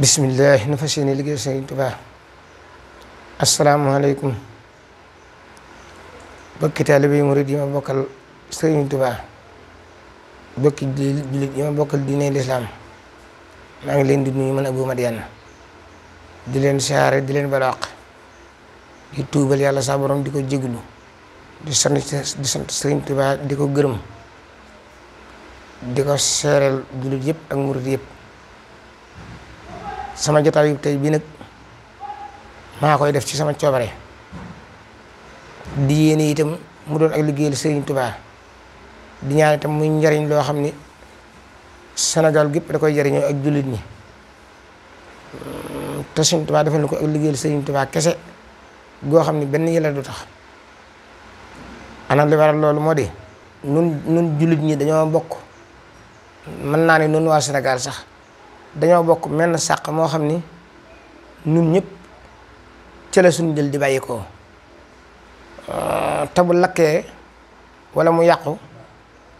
bisimilah na fas yéene liggéey Sëriñ Tuubaa asalaamualeykum bokki taalibe yi murid yi ma bokkal Sëriñ Tuubaa bokki jullit yi ma bokkal diine lislaam maa ngi leen di nuyu man Abu Madiane di leen siyaare di leen balaq di tuubal yàlla saa borom di ko jéglu di sant di Sëriñ Tuubaa di ko gërëm di ko seereel jullit yëpp ak murid yëpp sama jotaayu tey bii nag maa koy def ci sama coobare di yéene itam mu doon ak liggéeyal Serigne tubaa di ñaan itam muy njariñ loo xam ni Sénégal gépp da koy jariñoo ak jullit ñi te Serigne Touba defal na ko ak liggéeyal Serigne Touba kese goo xam ni benn yàlla du tax ana li loolu moo di nun nun jullit ñi dañoo bokk mën naa ne nun waa Sénégal sax dañoo bokk menn sàq moo xam ni nun ñépp ca la suñu jël di bàyyi ko ah, te lakkee wala mu yàqu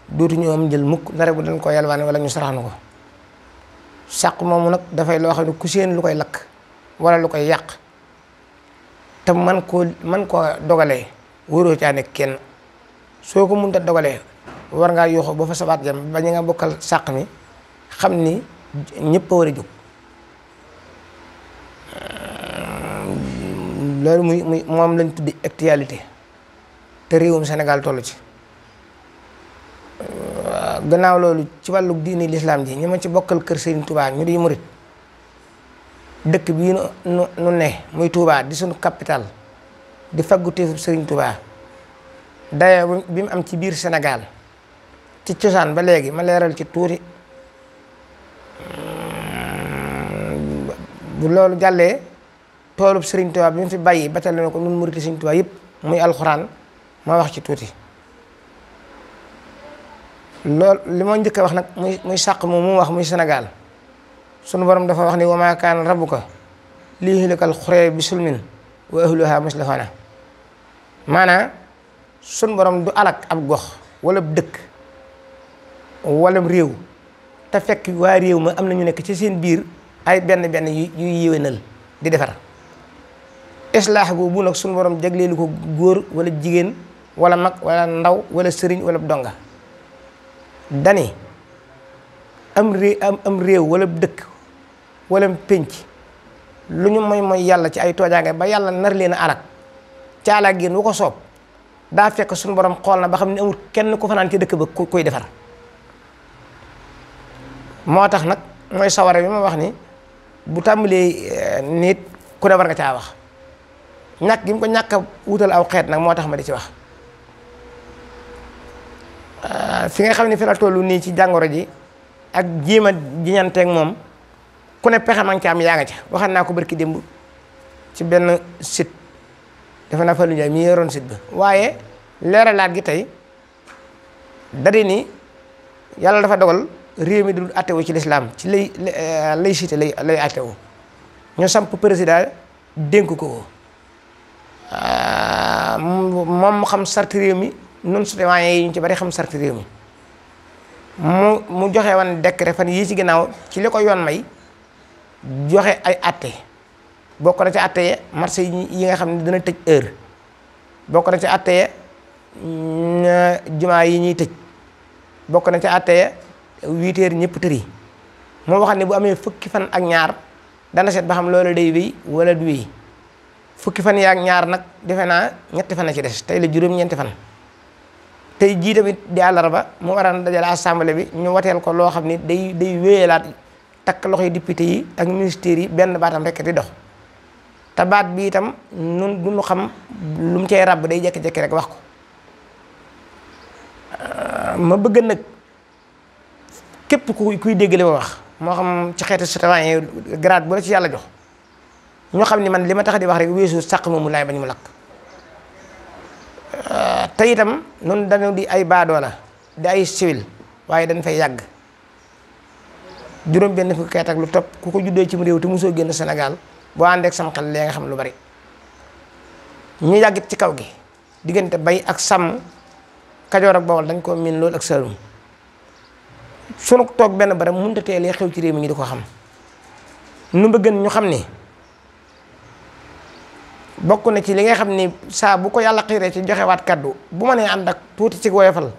dootu ñu am jël mukk ndare bu dañ ko yalwaane wala ñu saraxanu ko sàq moomu nag dafay loo xam ne ku seen lu koy lakk wala lu koy yàq te man koo man koo dogalee wóoroo caa nekk kenn soo ko mënta dogalee war ngaa yuuxu ba fa sabaat jam ba ñu nga bokkal sàq mi xam ni ñëpp war a jóg loolu muy muy moom lañ tudd actualité te réewum Sénégal toll ci gannaaw loolu ci wàllu diini lislaam ji ñi ma ci bokkal kër Serigne Touba ñu di murit dëkk bii nu nu ne muy Touba di suñu capital di faggu teefub Serigne Touba daya bi mu am ci biir Sénégal ci cosaan ba léegi ma leeral ci tuuti. bu loolu jàllee toolub Serigne Touba bi mu fi bàyyi batale na ko ñun muriti Serigne Touba yëpp muy alxuraan ma wax ci tuuti lool li ma njëkk a wax nag muy muy sàq moom mu wax muy senegal sunu borom dafa wax ni wa maa kaana rabbuka liyuhlikal qurى bi sulmin wa ahluha muslihuuna maanaa sunu borom du alak ab gox wala dëkk wala réew te fekk waa réew ma am na ñu nekk ci seen biir ay benn benn yu yu yéwenal di defar islaax googu nag suñu borom jagleelu ko góor wala jigéen wala mag wala ndaw wala sëriñ wala donga dani am ré am am réew wala dëkk walla pénc lu ñu moy mooy yàlla ci ay toojaange ba yàlla nar leen a alak caalaak yéen wu ko soob daa fekk suñu boroom xool na ba xam ne amul kenn ku fanaan ci dëkk ba ku koy defar moo tax nag mooy sawara bi ma wax ni bu tàmbalee eh, nit ku ne war nga caa wax ñàkk gi mu ko ñàkk a wutal aw xeet nag moo tax ma di ci wax ah, fi nga xam ne fi la tollu nii ci jàngoro ji ak jéem a jiñanteeg moom ku ne pexe ma ca am yaa ngi ca waxal naa ko barki démb ci benn site defe naa Fallou Ndiaye mi yoroon site ba waaye leeralaat gi tey dari ni yàlla dafa dogal réew mi dul attewu ci lislaam ci lay euh, laïcité lay lay attewu ñu samp président dénk ko ko euh, moom xam sart réew mi nun citoyen yi ñu ci bari xam sart réew mi mu mu joxe woon décret fan yii ci ginnaaw ci li ko yoon may joxe ay atte bokk na ci atte marché yi nga xam ne dina tëj heure bokk na ci atte ya mm, jumaa yi ñuy tëj bokk na ci atte ya huit heures ñëpp tëri moo waxal ne bu amee fukki fan ak ñaar dana set ba xam loolu day wéy walla du wéy fukki fan ak ñaar nag defe naa ñetti fan a ci des tey la juróom-ñeenti fan tey jii tamit di àllarba mu war a dajale assemblée bi ñu wateel ko loo xam ni day day wéyalaat takk loxoy député yi ak ministère yi benn baatam rekk di dox te baat bi itam nun du ñu xam lu mu cay ràbb day jekki-jekki rek wax ko ma bëgg nag képp ku kuy dégg li wax moo xam ci xeetu citoyen grade bu la ci yàlla jox ñoo xam ni man li ma tax di wax rek weesu sàq moomu laay bañ mu lakk euh, te itam noonu dañu di ay baadoola di ay siwil waaye dañ fay yàgg juróom benn fukki at ak lu topp ku ko juddoo ci réew te mosoo génn senegal boo àndeek ak sam xel lee nga xam lu bari ñu yàggit ci kaw gi diggante bay ak sàmm kajoor ak bawol dañ koo miin loolu ak saalum sunu toog benn barab mënut a teelee xew ci réew mi ñu di ko xam nu bëgg ñu xam ni bokk na ci li ngay xam ni saa bu ko yàlla xiiree ci joxewaat kàddu bu ma nee ànd ak tuuti ci woyofal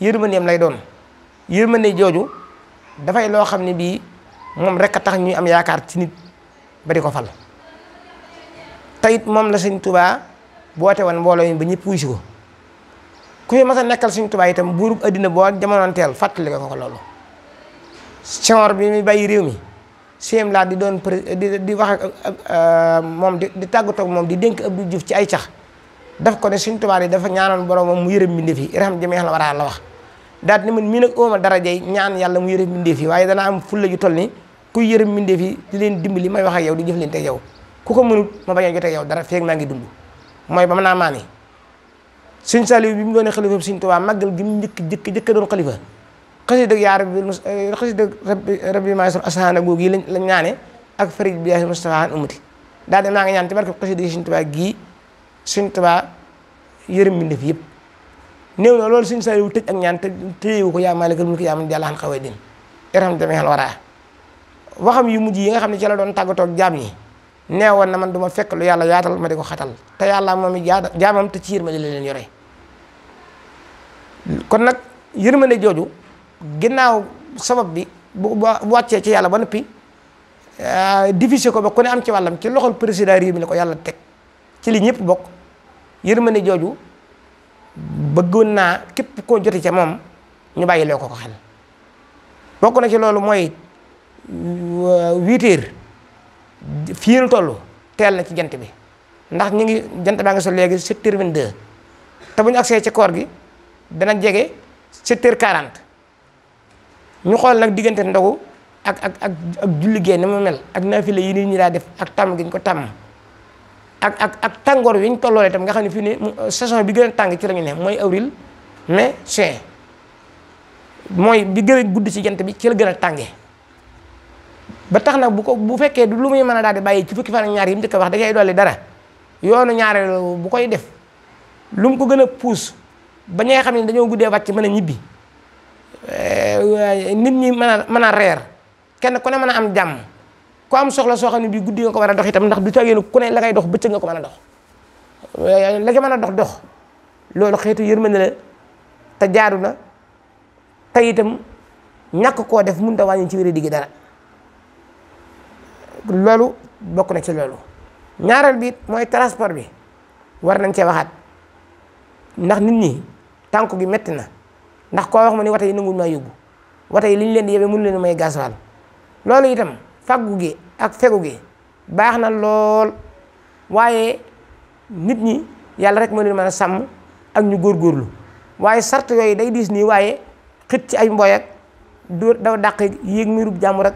yërmandeem lay doon yërmande jooju dafay loo xam ni bii moom rek a tax ñuy am yaakaar ci nit ba di ko fal tayit moom la sëñ Tuubaa boote woon mbooloo yi ba ñëpp wuy si ko ku fi ma a nekkal suñ tubaay itam buurub addina boo ak jamonoonteel fàttali ko ko loolu Senghor bi muy bàyyi réew mi siem laa di doon di di wax euh, moom di di tàggatoog moom di dénk Abdou jëf ci ay cax daf ko ne suñ tubaab yi dafa ñaanoon boromam mu yërëm mbindeef yi irham jami la waraa la wax daal ne man mii nag ooma darajey ñaan yàlla mu yërëm mbindeef yi waaye danaa am fulla ju toll ni kuy yërëm mbindeef yi di leen dimbali may wax ak yow di jëflante ak yow ku ko mënut ma bañ a jotee yow dara feeg maa ngi dund mooy sëñ Saliou bi mu doonee xalifa sëñ Tuubaa màggal gi mu njëkk jëkk jëkk doon xalifa xasida yaa rabbi eh, xasida rabbi maasur asaana googu yi lañ lañ ñaane ak farij bi yaay Mustafa an ummati daa de maa gii sëñ Tuubaa yërëm mbindéef yëpp néew na loolu sëñ Saliou tëj ak ñaan te téyewu ko yaa maalikal mulki yaa man jàlla xan xawee din yu mujj yi nga xam ne ci la doon tàggatoo ak jaam yi neewoon na man du ma fekk lu yàlla yaatal ma di ko xatal te yàlla moom i jaamam te ciir ma di leen yore kon nag yërmande jooju ginnaaw sabab bi bu wàccee ci yàlla ba noppi euh, divisé ko ba ku ne am ci wàllam ci loxol président réew mi la ko yàlla teg ci lii ñëpp bokk yërmande jooju bëggoon naa képp koo jote ca moom ñu bàyyi loo ko ko xel bokk na ci loolu mooy euh, huit heures fii nu toll teel na ci jant bi ndax ñu ngi jant baa nga sol léegi sept heures vingt-deux te bu ñu agsee ci koor gi dana jege 7 h ñu xool nag diggante ndogu ak ak ak ak julli gee ni mu mel ak naafila yi nii ñi daa def ak tàmm gi ñu ko tàmm ak ak ak tàngoor wi ñu tolloolee tam nga xam ne fii ne euh, saison bi gën tàng ci la ñu mooy avril mai mooy bi gën a bi ci la gën a tàngee ba tax na bu ko bu fekkee du lu muy mën a daal di bàyyi ci fukki fan ak ñaar yi mu njëkk a wax da ngay dolli dara yoonu ñaareelu bu koy def lu mu ko gën a puus. ba ñi xam ne dañoo guddee wàcc mën a ñibbi eh, nit ñi mën a mën a reer kenn ku ne mën a am jàmm ku am soxla soo xam ne bii guddi nga ko war a dox itam ndax du caagéen ku ne la ngay dox bëccëg nga ko mën a dox eh, la mën a dox dox loolu xeetu yërmande la te jaadu na te itam ñàkk koo def mënut a wàññi ci wér digg dara loolu bokk na ci loolu ñaareel biit mooy transport bi war nañ cee waxaat ndax nit ñi tànk gi metti na ndax koo wax ma ni wata yi nanguwul maa yóbbu wata yi li leen di yebe mënu leen may gasoil loolu itam faggu gi ak fegu gi baax na lool waaye nit ñi yàlla rek moo leen mën a sàmm ak ñu góor góorlu waaye sart yooyu day diis nii waaye xit ci ay mbooy ak door daw dàq yéeg miirub jàmm ak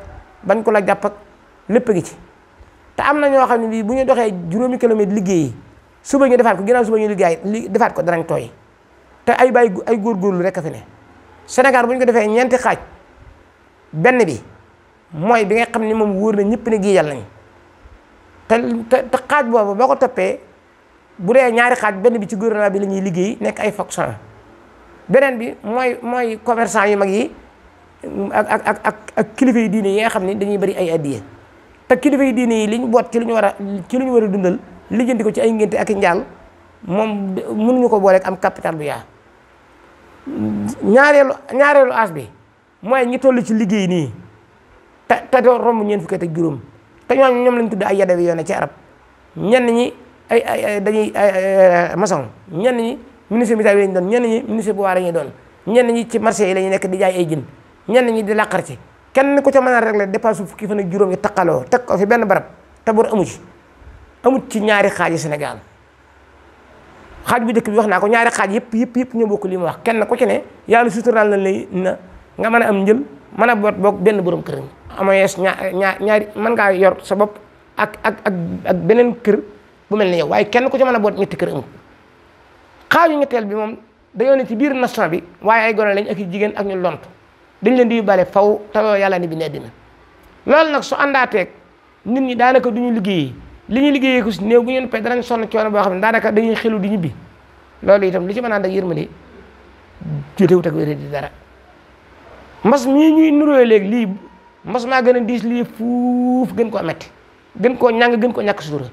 bañ ko la jàpp ak lépp gi ci te am na ñoo xam ne bii bu ñu doxee juróomi kilomètre liggéey yi suba ñu defaat ko ginnaaw suba ñu liggéey li defaat ko danañ tooy te ay bay ay góorgóorlu rek a fi ne Sénégal bu ñu ko defee ñeenti xaaj benn bi mooy bi nga xam ni moom wóor na ñëpp ne gii yàlla te te xaaj boobu boo ko toppee bu dee ñaari xaaj benn bi ci gouvernement bi la ñuy liggéey nekk ay fonctionnaire beneen bi mooy mooy commerçant yu mag yi ak ak ak ak ak kilifa yu diine yi nga xam ni dañuy bari ay addiye te kilifa yu diine yi liñ boot ci lu ñu war a ci lu ñu war a dundal lijjanti ko ci ay ngénte ak i njaal moom mënuñu ko booleeg am capital bu ñaareelu ñaareelu âge bi mooy ñi toll ci liggéey nii te te doo romb ñeent fukki at ak juróom te ñoom lañu lañ tudd ay yadawi yoone ci arab ñenn ñi ay ay dañuy maçon ñenn ñi ministre bi lañ doon ñenn ñi ministre bu waa la ñuy doon ñenn ñi ci marché yi la ñu nekk di jaay ay jën ñenn ñi di làqar ci kenn ku ca mën a régler dépense fukki fan ak juróom yi taqaloo teg ko fi benn barab te bor amu ci amut ci ñaari xaaji senegal xaaj bu njëkk bi wax naa ko ñaari xaaj yëpp yëpp yëpp ñoo bokk li ma wax kenn ku ci ne yàlla suturaal na lay na nga mën a am njël man a boot boog benn borom kër amoo yees ñaar ñaari mën ngaa yor sa bopp ak ak ak beneen kër bu mel ne waaye kenn ku ci mën a boot ñetti kër amul xaaju bi moom dañoo ne ci biir nation bi waaye ay gone lañ ak i jigéen ak ñu lont dañ leen di yóbbaale faw tawoo yàlla ni bi ne dina loolu nag su àndaateeg nit ñi daanaka duñu liggéey li ñu liggéeyee ko si néew bu ñu leen pay danañ sonn coono boo xam ne daanaka dañuy xelu di ñibbi loolu itam li ci mën a ànd ak yërmande jotewut ak wéré di dara mbas mii ñuy nuróo léegi lii mbas maa gën a diis lii fuuf gën koo metti gën koo ñàng gën koo ñàkk sutura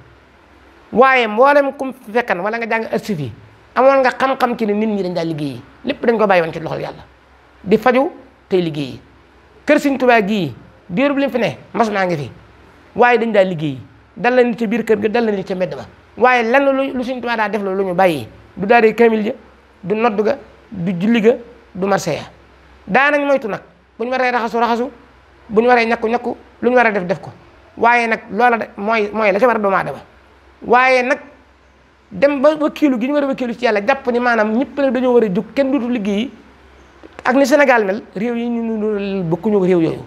waaye mboolem kum fekkan wala nga jàng arsif yi amoon nga xam-xam ci ne nit ñi dañ daa liggéeyi lépp dañ ko bàyyi woon ci loxol yàlla di faju tey liggéeyi kër Sëriñ Tuubaa gii diirub lim fi ne mbas maa ngi fi waaye dañ daa liggéeyi dal la nit ci biir kër gi dal la nit ci mbedd ba waaye lenn lu lu suñ tubaab daa def la lu ñu bàyyi du daaree kamil ja du nodd ga du julli ga du marché ya daanañ moytu nag bu ñu waree raxasu raxasu bu ñu waree ñakku ñakku lu ñu war a def def ko waaye nag loola de mooy mooy la ca war a doomu aadama waaye nag dem ba wakiilu gi ñu war a wakiilu ci yàlla jàpp ni maanaam ñëpp nag dañoo war a jóg kenn dootu liggéey ak ni Sénégal mel réew yi ñu bokkuñu réew yooyu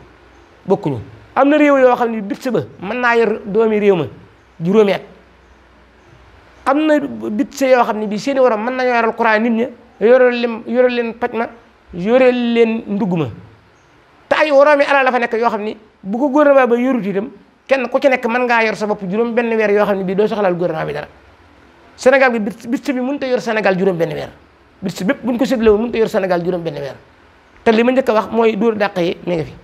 bokkuñu am na réew yoo xam ne bit ba mën naa yor doomi réew ma juróomi at am na bit sa yoo xam ne bi seeni waroom mën nañoo yoral Quraan nit ña yoral leen yoral leen paj ma yoral leen ndugg ma te ay waroomi alal la nekk yoo xam ne bu ko gouvernement ba yorut itam kenn ku ci nekk mën ngaa yor sa bopp juróom benn weer yoo xam ne bii doo soxlaal gouvernement bi dara Sénégal bi bit bi mënut a yor Sénégal juróom benn weer bit si bépp buñ ko séddale woon mënut a yor senegal juróom benn weer te li ma njëkk a wax mooy dóor dàq yi mi ngi fi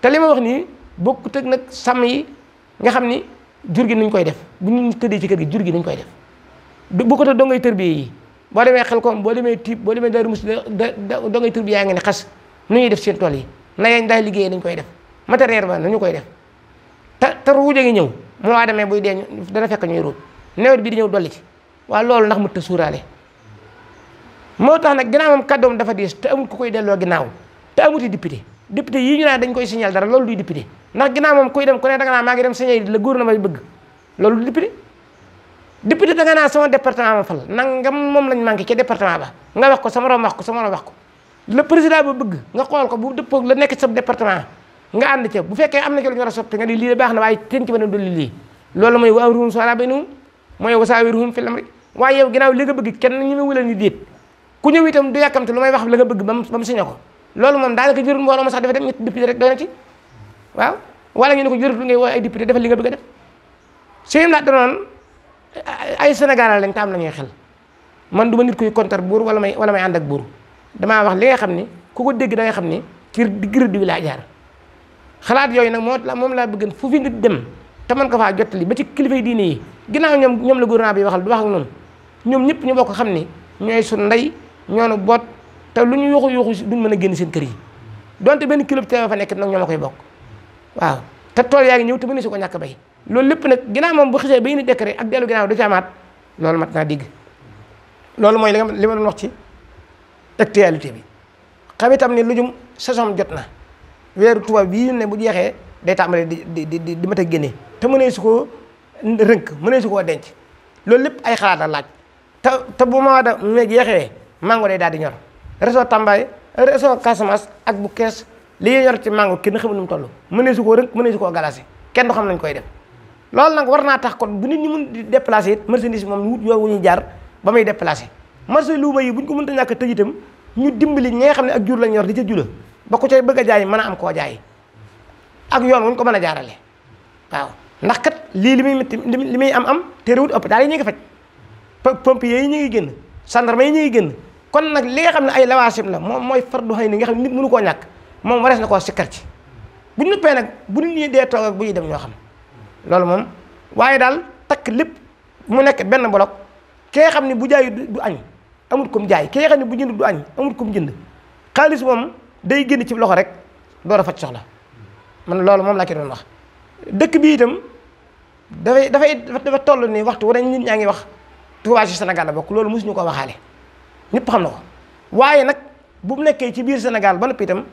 te li ma nii bokkut ak nag sàmm yi nga xam ni jur gi nuñ koy def bu ñu tëddee ci kër gi jur gi nuñ koy def bu ko dongay tërbiye yi boo demee xel koom boo demee tiib boo demee Daaru Musti dongay tërbiye yaa ngi ne xas nu def seen tool yi na yañ daay liggéeyee koy def matériel ba nañu koy def te te ruuj a ñëw mu waa demee buy dee dana fekk ñuy ruuj nawet bi di ñëw dolli ci waa loolu ndax mu ta suuraale moo tax nag ginnaaw moom kàddoom dafa diis te amul ku koy delloo ginnaaw te amuti député député yi ñu naa dañ koy signal dara loolu duy député ndax ginnaaw moom kuy dem ku ne danga naa maa ngi dem signal la gouvernement bi sama département ma fal nangam moom lañ manqué ca département ba nga wax ko sama morom wax ko sama morom wax ko le président ba bëgg nga xool ko bu dëppoo la nekk sa département nga ànd ca bu fekkee am na ci lu ñu war a soppi nga di lii de baax na waaye teen ci ba ne dolli lii loolu wax nga bëgg bam ba mu signé ko loolu moom daanaka jurul mbooloo ma sax dafa dem ñetti député rek doy na ci waaw wala ñu ne ko jurutul ngay wooy ay député defal li nga bëgg a def sëñ laa danoon ay Sénégalais lañ te am nañuy xel man du ma nit kuy kontar buur wala may wala ànd ak buur damaa wax li nga xam ni ku ko dégg da xam ni ci digg bi laa jaar xalaat yooyu nag moo la moom laa bëgg fu fi nit dem te mën ko faa jottali ba ci kilifa diine yi ginnaaw ñoom ñoom la gouvernement bi waxal du wax ak noonu ñoom ñëpp ñu bokk xam ni ñooy suñu ndey ñoonu boot te lu ñu yuxu yuxu duñ mën a génn seen kër yi donte benn kilo ceeb fa nekk nag ñooma koy bokk waaw te tool yaa ngi ñëw te mënees su ko ñàkk bay loolu lépp nag ginnaaw moom bu xisee bay ni décret ak dellu ginnaaw du loolu mat naa digg mooy li li ma doon wax ci actualité bi xam itam ne lujum saison jot na weeru tubaab bii ne bu jeexee day tàmbale di di di di mat a génne te mënee su koo rënk mënee su koo denc loolu lépp ay xalaat la laaj te te bu mois de mai jeexee mango day daal di ñor. réseau Tambaye réseau Casamance ak bu kees li ñuy yor ci mango kenn xamul nu mu toll mënee su koo rënk mënee su koo galasé kenn du xam nañ koy def loolu nag war naa tax kon bu nit ñi mun di déplacé it marchandise moom wut wu ñuy jaar ba muy déplacé marché luuma yi bu ñu ko mënta ñàkk a tëj itam ñu dimbali ñi nga xam ne ak jur lañ yor di ca jula ba ku cay bëgg a jaay mën a am koo jaay ak yoon wuñ ko mën a jaarale waaw ndax kat lii li muy métti li muy am am te réwut hôpital yi ñu ngi faj pompiers yi ñu ngi génn gendarme yi ñu ngi génn kon nag li nga xam ne ay lawaasib la moom mooy fardu xëy ni nga xam ne nit mënu koo ñàkk moom warees na koo sikkar ci bu ñu nuppee nag bu nit ñi dee toog ak bu ñuy dem ñoo xam loolu moom waaye daal takk lépp mu nekk benn bolok xam ne bu jaay du añ amul kum jaay ki xam ne bu jënd du añ amul kum jënd xaalis moom day génn ci loxo rek door a faj soxla man loolu moom laa ci doon wax dëkk bi itam dafay dafay dafa toll nii waxtu wane nit ñaa ngi wax Touba ci Sénégal la bokk loolu mosuñu ko waxaale ñépp xam na ko waaye nag bu mu nekkee ci biir senegal ba noppi itam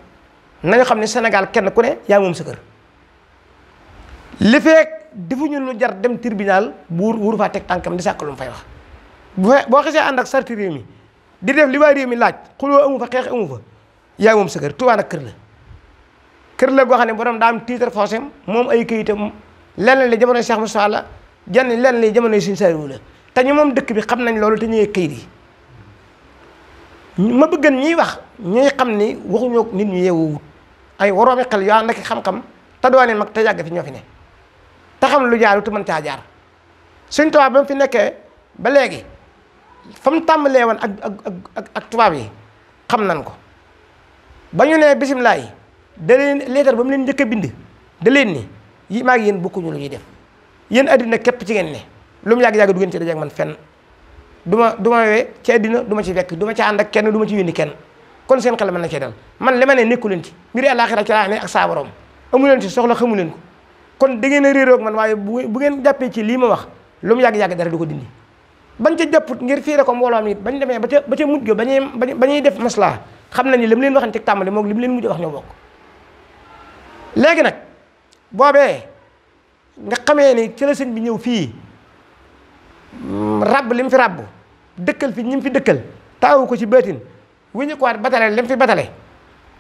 nañu xam ne senegal kenn ku ne yaa moom sa kër li feek defuñu lu jar dem tribunal buur wuur faa teg tànkam di sàkk lu mu fay wax bu fe boo xasee ànd ak sarti réew mi di def li waa réew mi laaj xuloo amu fa xeex amu fa yaa moom sa kër Tuubaa nag kër la kër la goo xam ne borom daa am titre foncier moom ay kayitam lenn li jamonoy Cheikh Moussa la jenn lenn li jamonoy Sëñ Saaliw te ñu moom dëkk bi xam nañ loolu te ñëwee yi ma bëggan ñiy wax ñuy xam ni waxuñoo nit ñu yeewoowut ay waroomi xel yoo ànd ak xam-xam te mag te yàgg fi ñoo fi ne te xam lu jaaru tu mën caa jaar suñ tubaab ba mu fi nekkee ba léegi fa mu tàmbalee woon ak ak ak tubaab yi xam nan ko ba ñu nee bisimilah yi da leen leetar ba mu leen njëkk bind da leen ni yi maa ngi yéen bokkuñu lu ñuy def yéen addina képp ci ngeen ne lu mu yàgg-yàgg du ngeen ci dajeeg man fenn duma ma du ma wee ci àddina ma ci fekk duma ma ci ànd ak kenn duma ci yónni kenn kon seen xel mën na cee dal man li ma ne nekku leen ci mbiri àllaaxira ci laa ne ak saa borom amu leen ci soxla xamu leen ko kon da ngeen a man waaye bu bu ngeen jàppee ci lii ma wax lu mu yàgg-yàgg dara du ko dindi bañ ca jàpput ngir fiire ko mbooloo mi bañ demee ba ca ba ca mujj ba bañuy bañuy def maslaa xam na ni li mu leen waxan ci tàmbali moom li mu leen mujj wax ñoo bokk léegi nag boobee nga xamee ni ci bi ñëw fii rabb li mu fi rabb fi ñi mu fi dëkkal taawu ko ci bëtin wi ñu ko batale li fi batale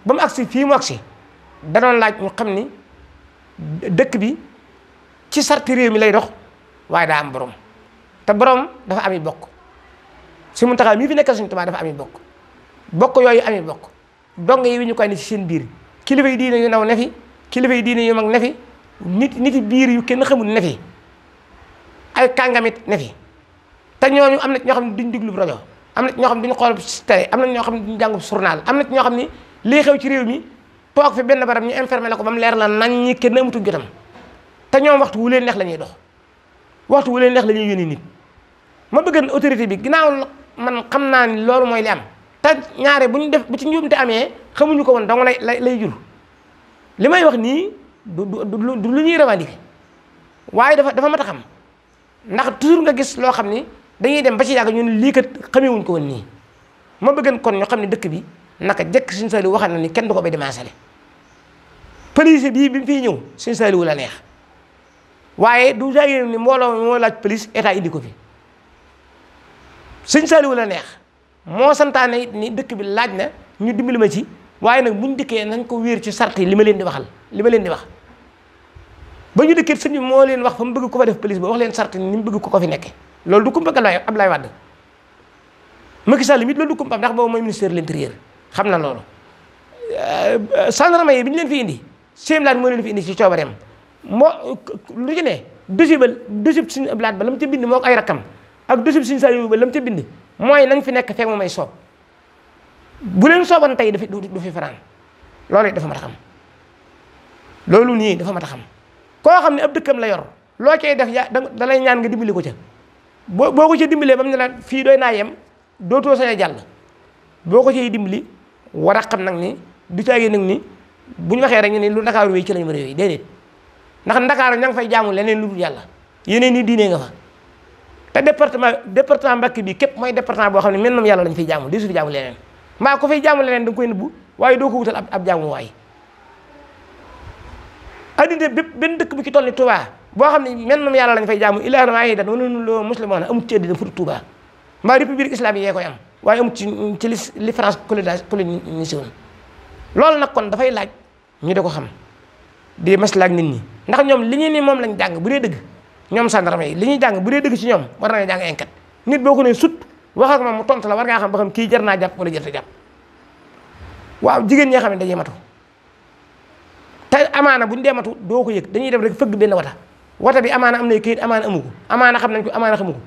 ba mu agsi fii mu agsi danoon laaj ñu xam ni dëkk bi ci sarti réew mi lay dox waaye daa am borom te borom dafa ami bokk su mu taxaw mii fi nekkal suñu Tuubaa dafa ami bokk bokk yooyu ami bokk dong yi wi ñu ni ci seen biir kilifa yi diine yu naw ne fi kilifa yi diine yu mag ne fi nit nit biir yu kenn xamul ne fi ay kàngamit ne fi te ñooñu am na ci ñoo xam ne duñ diglu rajo am na ñoo xam ne duñ xool télé am na ñoo xam ne duñ jàngu journal am na ñoo xam ne lii xew ci réew mi toog fi benn barab ñu informé la ko ba mu leer la nañ ñi kenn amatuñ jotam te ñoom waxtu wu leen neex la ñuy dox waxtu wu leen neex la ñuy yónni nit ma bëgg autorité bi ginnaaw man xam naa ni loolu mooy li am te ñaare bu ñu def bu ci njuumte amee xamuñu ko woon dong la lay jur li may wax nii du du lu ñuy revendiquer waaye dafa dafa mat a xam ndax toujours nga gis loo xam ni dañuy dem ba ci yàgg ñun lii kat xamewuñ ko woon nii ma bëggoon kon ñu xam ne dëkk bi naka jëkk Sëñ Saaliw waxal na ni kenn du ko bay démancelé police bi mu fiy ñëw Sëñ Saaliw a neex waaye du jaay ni mbooloo moo état indi ko fi Sëñ Saaliw la neex moo santaane it ni dëkk bi laaj na ñu dimbali ma ci waaye nag buñ dikkee nañ ko wéer ci sart yi li ma leen di waxal li ma leen di wax ba ñu dëkkee sëñ bi moo leen wax fa mu bëgg ko fa def police ba wax leen sart ni mu bëgg ko ko fi nekke loolu du kumpa Ablaye Ablaye Wade Macky Sall mit loolu du kumpa ndax boobu mooy ministère de l'intérieur xam na loolu euh, euh, gendarme yi bi leen fi indi seen laaj moo leen fi indi ci coobareem moo lu ci ne dossier ba suñu laaj ba ca bind moo ko ay rakkam ak dossier suñu saa yu ba lam mu ca bind mooy nañ fi nekk fekk moom ay soob bu leen sooban tey du fi du fi fanaan loolu it dafa ma a xam loolu nii dafa ma a xam koo xam ne ab dëkkam la yor loo cay def ya da lay ñaan nga dimbali ko ca boo boo ko ca dimbalee ba mu ne fii doy naa yem dootoo sañ a jàll boo ko cay dimbali war a xam nag ni du caagee nag ni bu ñu waxee rek ne lu ndakaaru wéy ci lañ war a yooyu déedéet ndax ndakaaru ña nga fay jaamu leneen lu dul yàlla yeneen ni diine nga fa te département département Mbacké bi képp mooy département boo xam ne mel noom yàlla lañ fay jaamu di suuf jaamu leneen maa ko fay jaamu leneen da nga koy nëbbu waaye doo ko wutal ab ab jaamu waay addina bépp benn dëkk bu ci toll ni Touba boo xam ne mennum yàlla lañ fay jaamu ilaahun waahidan wa nahnu lahu muslimuun amut ci addina fur Touba mbaa république islamique yee koy am waaye amut ci ci li li France colonisé woon loolu nag kon dafay laaj ñu di ko xam di maslaak nit ñi ndax ñoom li ñu ni moom lañ jàng bu dee dëgg ñoom gendarme yi li ñuy jàng bu dee dëgg ci ñoom war nañu jàng enquête nit boo ko ne sut wax ak mu tontu la war ngaa xam ba xam kii jar naa jàpp wala jar ta jàpp waaw jigéen ñi xam ne dañuy matu te amaana bu ñu dematu doo ko yëg dañuy def rek fëgg benn wata wata bi amaana am nay këyit amaana amu ko amaana xam nañ ko amaana xamu ko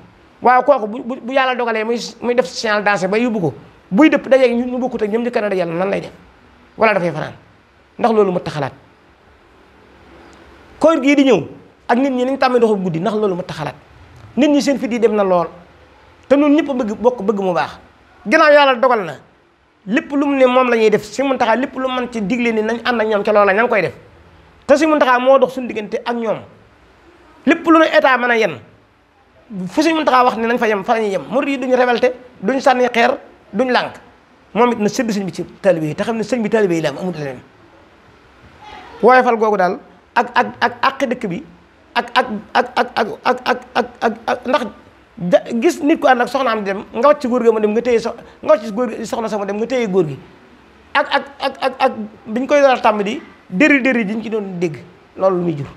waaw kooku bu bu yàlla dogalee muy muy def signal dansé ba yóbbu ko buy dëpp dajeeg ñu bokkut ak ñoom di Canada yàlla nan lay def wala dafay fanaan ndax loolu mat a xalaat koor gii di ñëw ak nit ñi nañ tàmmee doxu guddi ndax loolu mat a xalaat nit ñi seen fit yi dem na lool te ñun ñëpp bëgg bokk bëgg mu baax ginnaaw yàlla dogal na lépp lu mu ne moom lañuy def si mun taxaa lépp lu man ci digle ni nañ ànd ak ñoom ca loola ña ngi koy def te si mun taxaa moo dox suñu diggante ak ñoom lépp lu ne état mën a yenn fu si mun taxaa wax ni nañ fa yem fa la ñuy yem murid yi duñu révolté duñ sànni xeer duñ lànk moom it na sëdd sëñ bi ci taalibe yi te xam ne sëñ bi taalibe yi la am amul leneen waaye fal googu daal ak ak ak àq dëkk bi ak ak ak ak ak ak ak ak ndax ja gis nit ku ànd ak soxnaam di dem nga ci góor gi ma dem nga téye sox nga wàcc góor gi soxna sama dem nga téye góor gi ak ak ak ak ak biñ koy doon tàmm di déri déri diñ ci doon dégg loolu lu muy jur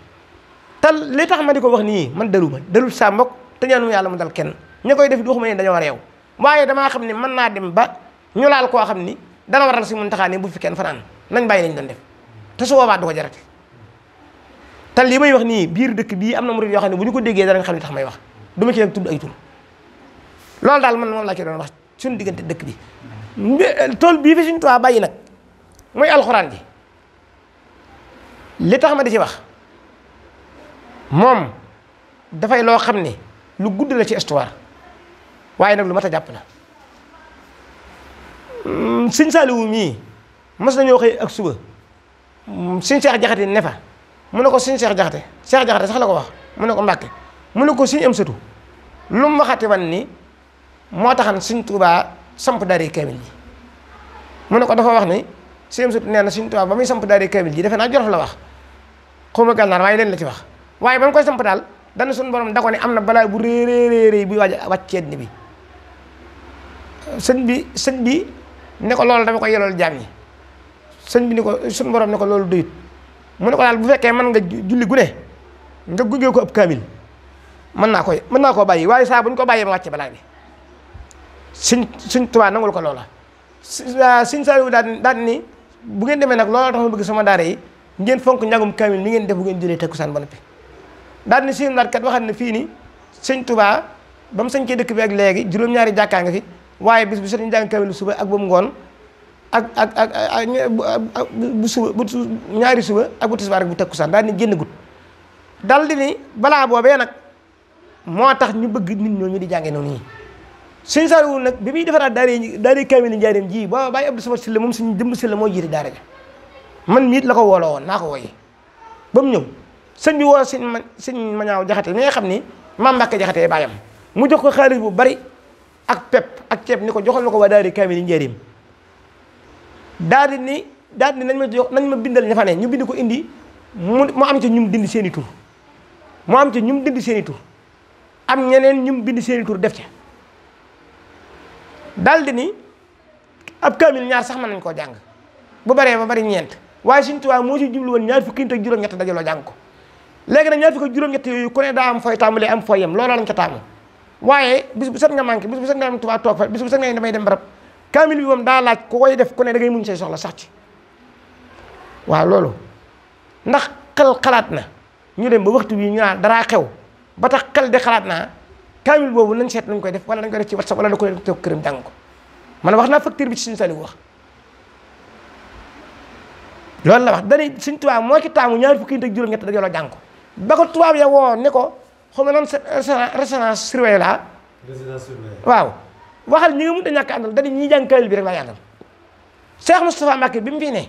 te li tax ma di ko wax nii man dalu ma dalul saa mbokk te ñaanu yàlla mu dal kenn ña koy def it waxuma ne dañoo réew waaye damaa xam ne naa dem ba ñu laal koo xam ni dana waral si mun taxaa ne bu fi kenn fanaan nañ bàyyi lañ doon def te su boobaa du ko jarate te li may wax nii biir dëkk bii am na murid yoo xam ne bu ñu ko déggee danañ xam ne tax may wax du ma ci nag tudd ay tur loolu daal man moom laa ci doon wax suñu diggante dëkk bi euh, tool bii fi suñu bay nag muy alxuraan ji li tax ma di ci wax moom dafay loo xam ni lu gudd la ci histoire waaye nag lu mat a jàpp na mm, sëñ Saaliwu mii mas na xëy ak suba mm, sëñ Seex Jaxate ne mu ne ko sëñ Seex Jaxate Seex Jaxate sax la ko wax mu ne ko Mbàkke mu ne ko si am sëtu lu mu waxati wan ni moo taxan Sëñ Tuubaa samp dari kaamil ji mu ne ko dafa wax ni sëñ sut nee na Sëñ Tuubaa ba muy samp dari kaamil ji defe naa Jolof la wax xawma gànnaar waaye leen la ci wax waaye ba mu koy samp daal dana suñu borom da ko ne am na balaa bu réeréeréeréy buy waaj a wàcc ceeb bi sëñ bi sëñ bi ne ko loolu dama ko yelool jaam yi sëñ bi ni ko suñu borom ne ko loolu doyut mu ne ko daal bu fekkee mën nga julli gune nga gungee ko ëpp kaamil mën naa ko mën naa koo bàyyi waaye saa bu ko bàyyee ma wàcce balaa bi suñ suñ Tuubaa nangul ko loola suñ ah, Saaliw daan daan ni bu ngeen demee nag looloo tax ma bëgg sama daara yi ngeen fonk njàngum kaamil mi ngeen def bu ngeen jëlee takkusaan ba noppi daan ni suñu laat kat waxat na fii ni sëñ Tuubaa ba mu sañ cee dëkk bi léegi juróom-ñaari jàkkaa nga fi waaye bis bu set ñu jàng kaamil suba ak ba mu ngoon ak ak bu suba bu ñaari suba ak bu tisbaar ak bu takkusaan daal ni génn gut dal di balaa boobee nag moo tax ñu bëgg nit ñooñu di jàngee noonu yi sëñ Saliou nag bi muy defaraat daara daara kaamil njaareem ji ba bàyyi Abdou Samad Sylla moom suñu jëmb Sylla moo jiite daara ja man miit la ko wooloo woon naa ko wooyee ba ñëw sëñ bi woo sëñ ma sëñ Mañaaw Jaxate mi nga xam ni maam Mbàkke Jaxate bàyyam mu jox ko xaalis bu bari ak pep ak ceeb ni ko joxal ma ko waa daara kaamil njaareem daal ni daal di nañ ma jox nañ ma bindal ña fa ñu bindi ko indi mu am ca ñum dindi seen tur mu am ca ñum dindi seen am ñeneen ñu bind seeni tur def ca daldi ni ab kaamil ñaar sax ma nañ koo jàng bu baree ba bari ñeent waaye Sëriñ Tuubaa moo ci jublu ñaar fukki nit ak juróom-ñett dajaloo jàng ko léegi ñett yooyu ku ne daa am fooy tàmbalee am fooy yem looloo lañ ca taamu waaye bis bu set nga manqué bis bu set nga am Tuubaa toog fa bis bu set nga damay dem barab kaamil bi moom daa laaj ku koy def ku ne da muñ say soxla sax ci waaw loolu ndax xel xalaat na ñu dem ba waxtu bi ñu daraa xew ba tax xel de xalaat naa kaamil boobu nañ seet nañ koy def wala nañ koy def ci whatsapp wala da ko leen toog këram jàng ko man wax naa facture bi ci suñu sali wax loolu la wax dani suñ tubaab moo ki taamu ñaari fukki nit ak juróom-ñett dajaloo jàng ba tubaab ya woo ne ko xam nga nan résidence surveillée la résidence surveillée waaw waxal ñi nga mun a ñàkk àndal dani ñi jàng bi rek laay àndal Cheikh Moustapha Mbacké bi mu fi ne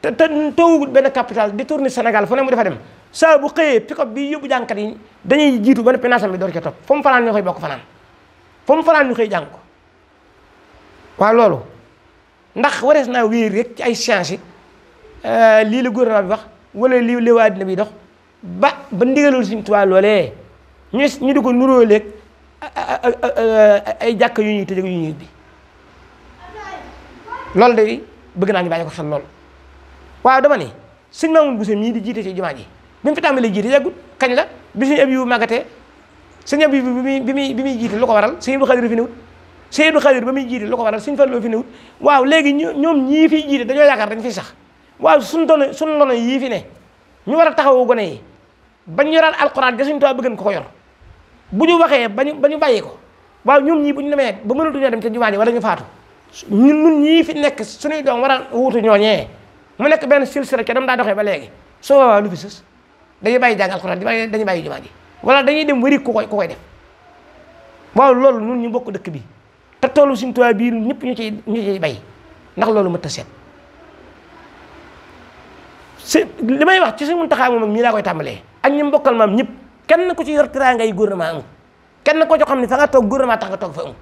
te te toowugut benn capital di tourner Sénégal fu ne mu dafa dem saa bu xëyee pick-up bi yóbbu jàngkat yi dañuy jiitu ba ne penasam bi door ca topp fa mu fanaan ñoo koy bokk fanaan fa ñu xëy jàng ko waaw loolu ndax warees naa wéer rek ci ay science euh, lii la gouvernement bi wax lii li waa dina bi dox ba ba ndigalul suñu tubaab loolee ñu ñu ay jàkk yu ñuy tëjëg yu bi loolu de bëgg naa ñu bàyyi ko waaw dama ne sëñ Mamoune Bousso mii di jiite ci jumaa yi bi mu fi tàmbalee jiite yàggut kañ la bi suñu abi yu màggatee suñu abi bi bi muy bi muy jiite lu ko waral suñu Abdou Khadir fi newut suñu Abdou Khadir muy jiite lu ko waral suñu Fallou fi newut waaw léegi ñoom ñii fiy jiite dañoo yaakaar dañ fiy sax waaw suñ doon suñ lono yii fi ne ñu war a taxawu gone yi bañ yoraan alxuraan ga suñu Tuubaa bëggan ko ko yor bu ñu waxee bañu ba ñu bàyyi ko waaw ñoom ñii bu ñu demee ba mënatuñoo dem ca jumaa ji wala ñu faatu ñun ñun ñii fi nekk suñuy doom war a ñoo ñooñee mu nekk benn silsila ca dam daa doxee ba léegi soo waawaa lu fi sës dañuy bàyyi jàng alxuraan dañuy bàyyi jumaa ji wala dañuy dem wëri ku koy ku koy def waaw loolu nun ñu bokk dëkk bi te toolu suñu tubaab bii ñëpp ñu ciy ñu ciy bay ndax loolu mët a seet si li may wax ci suñu Muntaxaa moom ak ñii laa koy tàmbalee ak ñi mbokkal maam ñëpp kenn ku ci yor teraanga yi gouvernement amul kenn ko ci xam ne fa nga toog gouvernement tax nga toog fa amul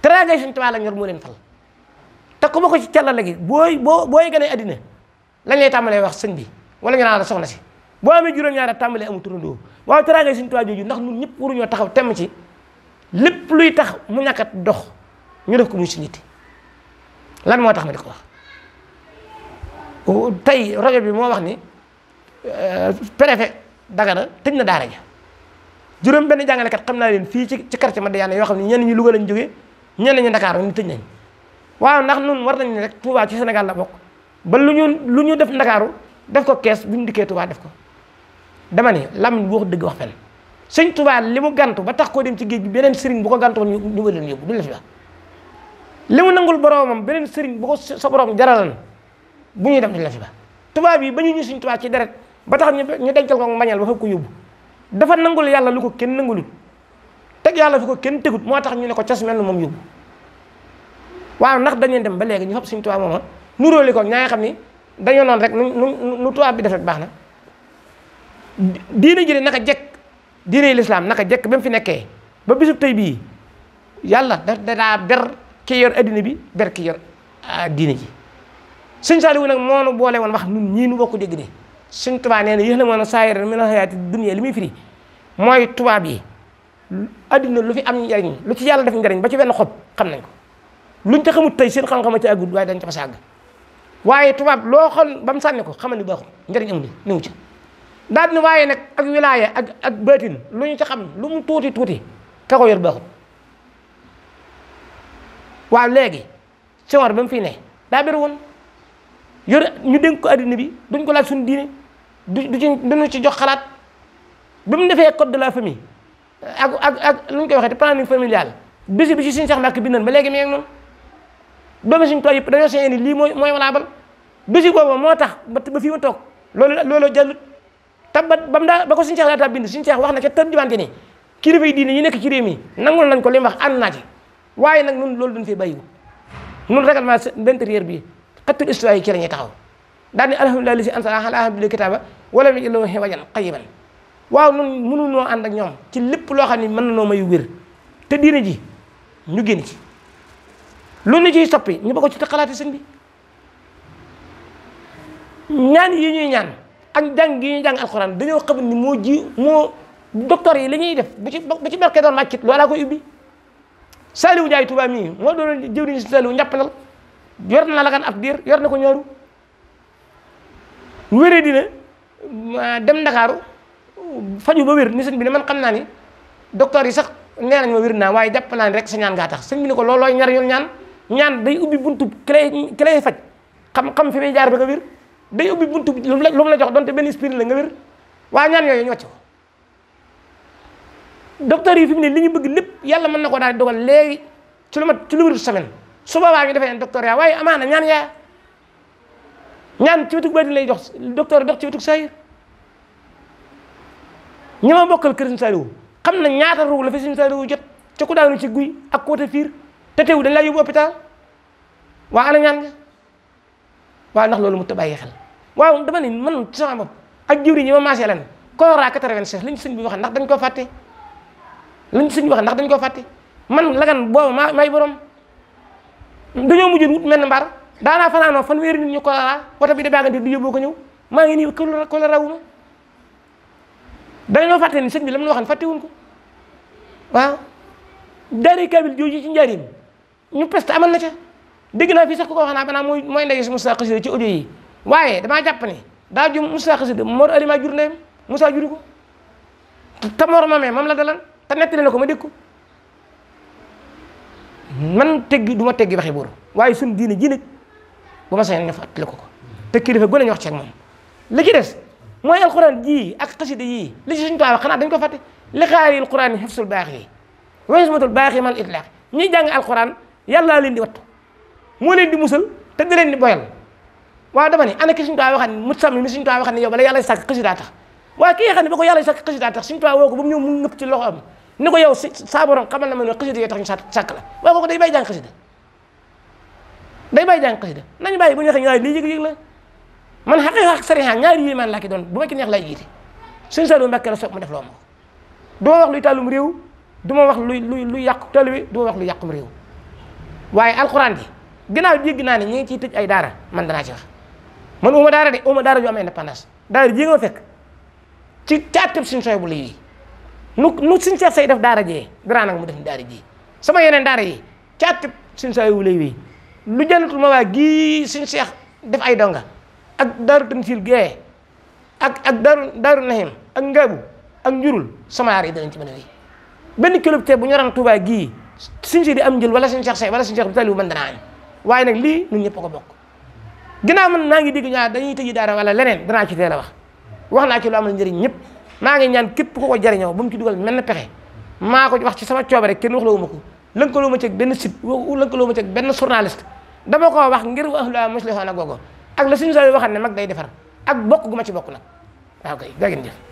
teraanga yi suñu tubaab la ñor moo leen fal te ku ma ko ci càllale gi booy boo booy gën a addina lañ lay tàmbalee wax sëñ bi wala ñu naan la soxna si boo amee juróom-ñaari tàmbalee amul turandoo waaw teraangay suñu tuwaa jooju ndax ñun ñëpp waruñoo taxaw temm ci lépp luy tax mu ñàkkat dox ñu def ko muy suñu yitte lan moo tax ma di oh, rajo bi moo wax ni euh, préfet Dagana na daara ja juróom benn jàngalekat xam naa leen fii ci ci ma Madiyana yoo xam ne ñenn ñi Louga lañ jógee ñeen ñi Dakar ñu tëj nañ waaw ndax nun war nañ ne rek Touba ci Sénégal la bokk ba lu ñu lu ñu def Ndakaaru def ko kees bu ñu dikkee Touba def ko dama ne Lamine wax dëgg wax fen sëñ Tuubaa li mu gantu ba tax koo dem ci géej gi beneen sëriñ bu ko gantoon ñu ñu ngi leen yóbbu duñ la fi wax li mu nangul boromam beneen sëriñ bu ko sa borom jaralan bu ñuy dem duñ la fi wax tubaab yi ba ñu ñu sëñ Tuubaa ci deret ba tax ñu dem ko mbañal ba fa ko yóbbu dafa nangul yàlla lu ko kenn nangulut teg yàlla fi ko kenn tegut moo tax ñu ne ko cas mel moom yóbbu waaw ndax dañuy dem ba léegi ñu fab sëñ Tuubaa mooma nuróoli ko ñaa xam ni dañoo noonu rek nu nu bi def baax na diine ji de naka jekk diine lislaam naka jekk ba fi nekkee ba bisub tey bii yàlla da daa ber ki addina bi ber ki yor ah, diine ji sëñ Saaliwu nag moonu boole woon wax nun ñii nu bokk dégg de sëñ Tuubaa nee na yéex la moon a saayir min hayaati dunya li muy firi mooy tubaab yi addina lu fi am njariñ lu ci yàlla def njariñ ba ci benn xob xam nañ ko luñ ca xamut tey seen xam-xama ci àggul waaye dañ ca sàgg waaye tubaab loo xool ba mu ko xamal ni baaxul njariñ amul niwu ci daal ni waaye nag ak wilaaya ak ak baatin lu ñu ci xam lu mu tuuti tuuti ka ko yor baaxut waaw léegi Senghor ba mu fii ne daa bëri woon yor ñu dénk ko addina bi duñ ko laaj suñu diine du du ci duñu ci jox xalaat ba mu defee code de la famille ak ak ak lu ñu koy waxee te planning familial bési bi ci sax mbàkk bi nan ba léegi mi ngi noonu doomi tool yëpp dañoo seeni lii mooy mooy walaabal bési boobu moo tax ba ba fii ma toog loolu loolu jàllut te ba ba mu daa ba ko suñu ceex laataa bind suñu ceex wax na ca tën diwaante ni kilifa yi diine yi nekk ci réew mi nangul nañ ko li mu wax ànd naa waaye nag nun loolu duñ fi bàyyi nun règlement d'intérieur bi xattul histoire yi ci la ñuy taxaw daal ni alhamdulilah li si ansala ala abdul kitaaba wala mi illahu wajan qayiban waaw nun mënunoo ànd ak ñoom ci lépp loo xam ne mën na noo mayu wér te diine ji ñu génn ci lu ciy soppi ñu ba ko ci te xalaati sëñ bi ñaan yi ñuy ñaan ak jàng gi ñu jàng alxuraan dañoo xam ni moo ji moo docteur yi li ñuy def bu ci bu ci barke doon màccit loolaa koy ubbi Saliou Ndiaye Touba mii moo doon jëwriñ si Saliou yor na la kan ab diir yor na ko ñaaru wéree dina dem Ndakaaru faju ba wér ni sëñ bi ne man xam naa ni docteur yi sax nee nañ ma wér naa waaye jàpp naa ni rek sa ñaan ngaa tax sëñ bi ne ko loolooy ñaar yoon ñaan ñaan day ubbi buntu clé clé faj xam xam fi may jaar ba nga wér day ubbi buntu lu mu la lu mu la jox donte benn spirit la nga wér waa ñaan yooyu ñoo ci yi fi mu ne li ñu bëgg lépp yàlla mën na ko daal di dogal léegi ci lu mat ci lu wéru semaine su boobaa ñu defee docteur yaa waaye amaana ñaan yaa ñaan ci wetug bëri lay jox docteur dox ci wetug sayir ñi ma bokkal kër Sëñ xam na ñaata ruug la fi Sëñ Saaliwu jot ca ku daanu ci guy ak côté fiir te teewu dañ lay yóbbu hôpital waa ana ñaan nga waaw ndax loolu mu ta waaw dama ne man sama bopp ak jëwriñ yi ma maasee leen kooraa 96 lañ sëñ bi wax ndax dañ ko fàtte lañ sëñ bi wax ndax dañ ko fàtte man lagan boobu maa may borom dañoo mujjoon wut menn mbar daanaa fanaanoo fan wéeri nit ñu kooraa wata bi da baagante du yóbboo ko ñëw maa ngi nii kooraa wu ma dañoo fàtte sëñ bi lam la waxoon fàtte wuñ ko ci njariñ ñu peste amal na ca dégg naa fii sax ku ko wax naa banaa mooy mooy ndege si Moussa Xasida ci audio yi waaye damaa jàpp ni daa jum Moussa xasida Mor Alima jur ndeyam Moussa juru ko te Mor mamee moom la dalan te nettali na ko ma dégg ko man teggi du ma teggi waxi buur waaye sun diine ji nag ba ma sañoon ñu fàttali ko ko te kilifa gën a ñu wax ci ak moom li ci des mooy alquran jii ak xasida yii li ci suñu tubaab xanaa dañ ko fàtte li xaari alquran yi xifsul baax yi wa xismatul baax yi man itlaaq ñuy jàng alquran yàllaa leen di wattu moo leen di musal te da di boyal waaw dama ne ana ki suñu tuwaa waxaan mu sàmm mi suñu tuwaa waxaan ne yow bala yàlla sàkk xasidaa tax waaye ki nga xam ne ba ko yàlla sàkk xasidaa tax suñu tuwaa woo ko ba mu ñëw mu nëpp ci loxo am ni ko yow saa borom xamal na ma ne xasida yee tax ñu sàkk la waaye kooku day bàyyi jàng xasida day bàyyi jàng xasida nañu bàyyi bu ñu waxee lii yëg-yëg la man xaqiiqa sariha ñaari yilimaan laa ki doon bu ma ci neex lay jiite suñu salu mbàkke la soog mu def loo ma du ma wax luy tàllum réew du ma wax luy luy luy yàqu tàllu bi du ma wax luy yàqum réew waaye alxuraan ji ginnaaw jéggi naa ne ñi ngi ciy tëj ay daara man danaa ci wax man uma daara de uma daara ju am indépendance nga fekk ci càttib suñ sooy bu lii nu nu suñ seex say def daara jee dara nag mu def ni daara ji sama yeneen daara yi càttib suñ sooy bu lii lu jënatul ma waa gii suñ seex def ay donga ak daaru tan fiil gee ak ak daaru daaru nahim ak ngaabu ak njurul sama yaar yi danañ ci mën a wéy benn kilomètre bu ñoroon gii suñ si di am njël wala suñ seex say wala suñ seex bu tali bu mën am waaye nag lii ñun ñëpp ko bokk ginnaaw man maa ngi dégg ñaar dañuy tëji daara wala leneen danaa ci teel a wax wax naa ci lu amal njëriñ ñëpp maa ngi ñaan képp ku ko jariñoo ba mu ci dugal menn pexe maa ko wax ci sama coobare kenn wax la wu ma ko lëkkaloo ma ci ak benn site lëkkaloo ma ci ak benn journaliste dama ko wax ngir wax la muslihoon a googo ak la suñu sooy waxal ne mag day defar ak bokk gu ma ci bokk nag waaw kay jaa ngeen